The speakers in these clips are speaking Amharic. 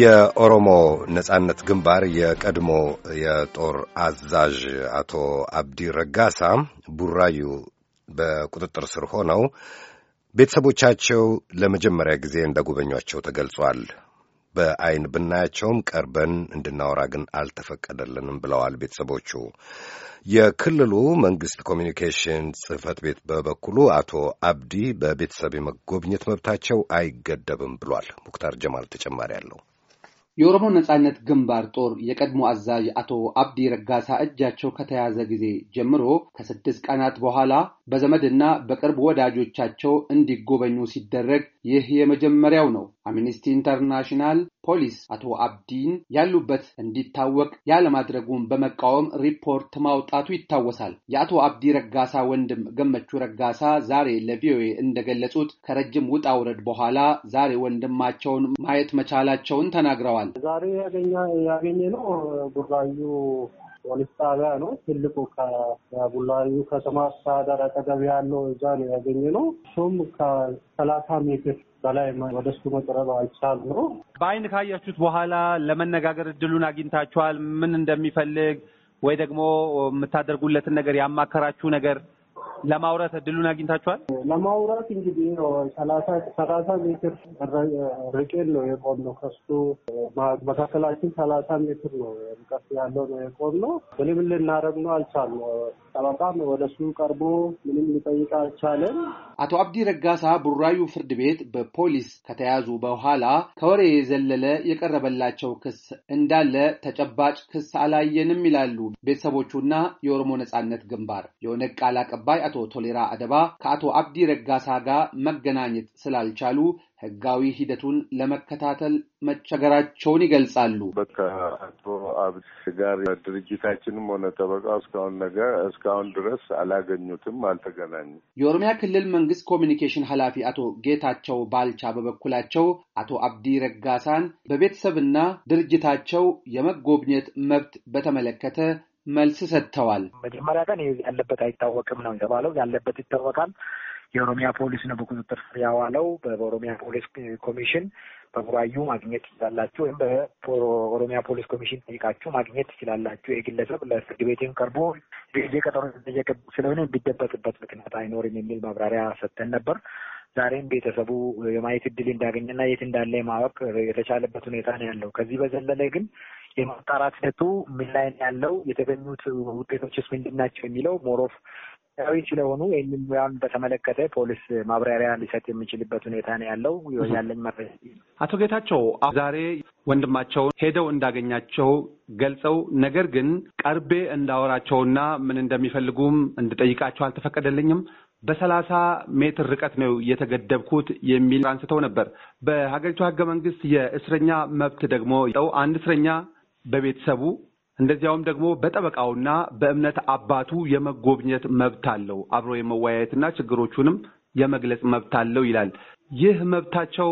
የኦሮሞ ነጻነት ግንባር የቀድሞ የጦር አዛዥ አቶ አብዲ ረጋሳ ቡራዩ በቁጥጥር ስር ሆነው ቤተሰቦቻቸው ለመጀመሪያ ጊዜ እንደ እንደጎበኟቸው ተገልጿል። በአይን ብናያቸውም ቀርበን እንድናወራ ግን አልተፈቀደልንም ብለዋል ቤተሰቦቹ። የክልሉ መንግስት ኮሚኒኬሽን ጽህፈት ቤት በበኩሉ አቶ አብዲ በቤተሰብ የመጎብኘት መብታቸው አይገደብም ብሏል። ሙክታር ጀማል ተጨማሪ አለው። የኦሮሞ ነጻነት ግንባር ጦር የቀድሞ አዛዥ አቶ አብዲ ረጋሳ እጃቸው ከተያዘ ጊዜ ጀምሮ ከስድስት ቀናት በኋላ በዘመድና በቅርብ ወዳጆቻቸው እንዲጎበኙ ሲደረግ ይህ የመጀመሪያው ነው። አምኒስቲ ኢንተርናሽናል ፖሊስ አቶ አብዲን ያሉበት እንዲታወቅ ያለማድረጉን በመቃወም ሪፖርት ማውጣቱ ይታወሳል። የአቶ አብዲ ረጋሳ ወንድም ገመቹ ረጋሳ ዛሬ ለቪኦኤ እንደገለጹት ከረጅም ውጣ ውረድ በኋላ ዛሬ ወንድማቸውን ማየት መቻላቸውን ተናግረዋል። ዛሬ ያገኘ ነው ጉራዩ ፖሊስ ጣቢያ ነው። ትልቁ ከቡላዩ ከተማ አስተዳደር አጠገብ ያለው እዛ ነው ያገኘ ነው። እሱም ከሰላሳ ሜትር በላይ ወደ እሱ መቅረብ አልቻል ነው። በአይን ካያችሁት በኋላ ለመነጋገር እድሉን አግኝታችኋል? ምን እንደሚፈልግ ወይ ደግሞ የምታደርጉለትን ነገር ያማከራችሁ ነገር ለማውራት እድሉን አግኝታችኋል? ለማውራት እንግዲህ ሰላሳ ሜትር ርቄን ነው ነው ከሱ መካከላችን ሰላሳ ሜትር ነው ርቀት ያለው ነው ነው። ምንም ልናደርግ ነው አልቻልነው። ጠበቃም ወደ እሱ ቀርቦ ምንም ሊጠይቅ አልቻለም። አቶ አብዲ ረጋሳ ቡራዩ ፍርድ ቤት በፖሊስ ከተያዙ በኋላ ከወሬ የዘለለ የቀረበላቸው ክስ እንዳለ ተጨባጭ ክስ አላየንም ይላሉ ቤተሰቦቹና የኦሮሞ ነጻነት ግንባር። የኦነግ ቃል አቀባይ አቶ ቶሌራ አደባ ከአቶ አብዲ ረጋሳ ጋር መገናኘት ስላልቻሉ ህጋዊ ሂደቱን ለመከታተል መቸገራቸውን ይገልጻሉ። ከአቶ አብስ ጋር ድርጅታችንም ሆነ ጠበቃው እስካሁን ነገር እስካሁን ድረስ አላገኙትም፣ አልተገናኙም። የኦሮሚያ ክልል መንግስት ኮሚኒኬሽን ኃላፊ አቶ ጌታቸው ባልቻ በበኩላቸው አቶ አብዲ ረጋሳን በቤተሰብና ድርጅታቸው የመጎብኘት መብት በተመለከተ መልስ ሰጥተዋል። መጀመሪያ ቀን ያለበት አይታወቅም ነው የተባለው። ያለበት ይታወቃል የኦሮሚያ ፖሊስ ነው በቁጥጥር ስር ያዋለው። በኦሮሚያ ፖሊስ ኮሚሽን በቡራዩ ማግኘት ትችላላችሁ፣ ወይም በኦሮሚያ ፖሊስ ኮሚሽን ጠይቃችሁ ማግኘት ትችላላችሁ። የግለሰብ ለፍርድ ቤትም ቀርቦ ጊዜ ቀጠሮ ተጠየቀ ስለሆነ የሚደበቅበት ምክንያት አይኖርም የሚል ማብራሪያ ሰጥተን ነበር። ዛሬም ቤተሰቡ የማየት እድል እንዳገኘና የት እንዳለ የማወቅ የተቻለበት ሁኔታ ነው ያለው። ከዚህ በዘለለ ግን የማጣራት ሂደቱ ምን ላይ ያለው የተገኙት ውጤቶችስ ምንድን ናቸው የሚለው ሞሮፍ ያዊ ስለሆኑ ይህንን ሙያን በተመለከተ ፖሊስ ማብራሪያ ሊሰጥ የሚችልበት ሁኔታ ነው ያለው ያለኝ መረጃ። አቶ ጌታቸው ዛሬ ወንድማቸውን ሄደው እንዳገኛቸው ገልጸው፣ ነገር ግን ቀርቤ እንዳወራቸውና ምን እንደሚፈልጉም እንድጠይቃቸው አልተፈቀደልኝም በሰላሳ ሜትር ርቀት ነው የተገደብኩት የሚል አንስተው ነበር። በሀገሪቱ ህገ መንግስት የእስረኛ መብት ደግሞ አንድ እስረኛ በቤተሰቡ እንደዚያውም ደግሞ በጠበቃውና በእምነት አባቱ የመጎብኘት መብት አለው። አብሮ የመወያየትና ችግሮቹንም የመግለጽ መብት አለው ይላል። ይህ መብታቸው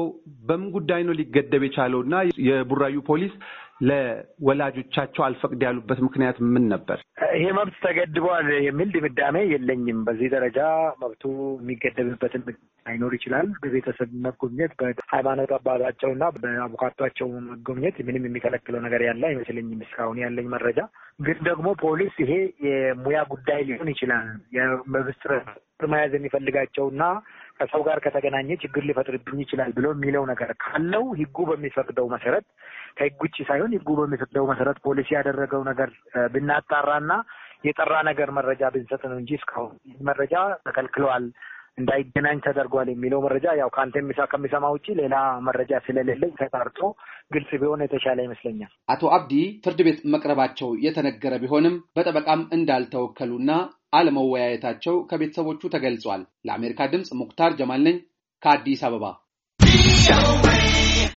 በምን ጉዳይ ነው ሊገደብ የቻለውና የቡራዩ ፖሊስ ለወላጆቻቸው አልፈቅድ ያሉበት ምክንያት ምን ነበር? ይሄ መብት ተገድቧል የሚል ድምዳሜ የለኝም። በዚህ ደረጃ መብቱ የሚገደብበትን አይኖር ይችላል። በቤተሰብ መጎብኘት፣ በሃይማኖት አባታቸውና በአቡካቷቸው መጎብኘት ምንም የሚከለክለው ነገር ያለ አይመስለኝም እስካሁን ያለኝ መረጃ። ግን ደግሞ ፖሊስ ይሄ የሙያ ጉዳይ ሊሆን ይችላል የመብት መያዝ የሚፈልጋቸውና ከሰው ጋር ከተገናኘ ችግር ሊፈጥርብኝ ይችላል ብሎ የሚለው ነገር ካለው ህጉ በሚፈቅደው መሰረት ከህግ ውጭ ሳይሆን ህጉ በሚፈቅደው መሰረት ፖሊሲ ያደረገው ነገር ብናጣራና የጠራ ነገር መረጃ ብንሰጥ ነው እንጂ እስካሁን መረጃ ተከልክለዋል፣ እንዳይገናኝ ተደርጓል የሚለው መረጃ ያው ከአንተ የሚሳ ከሚሰማ ውጭ ሌላ መረጃ ስለሌለኝ ተጣርቶ ግልጽ ቢሆን የተሻለ ይመስለኛል። አቶ አብዲ ፍርድ ቤት መቅረባቸው የተነገረ ቢሆንም በጠበቃም እንዳልተወከሉና አለመወያየታቸው ከቤተሰቦቹ ተገልጿል። ለአሜሪካ ድምፅ ሙክታር ጀማል ነኝ ከአዲስ አበባ።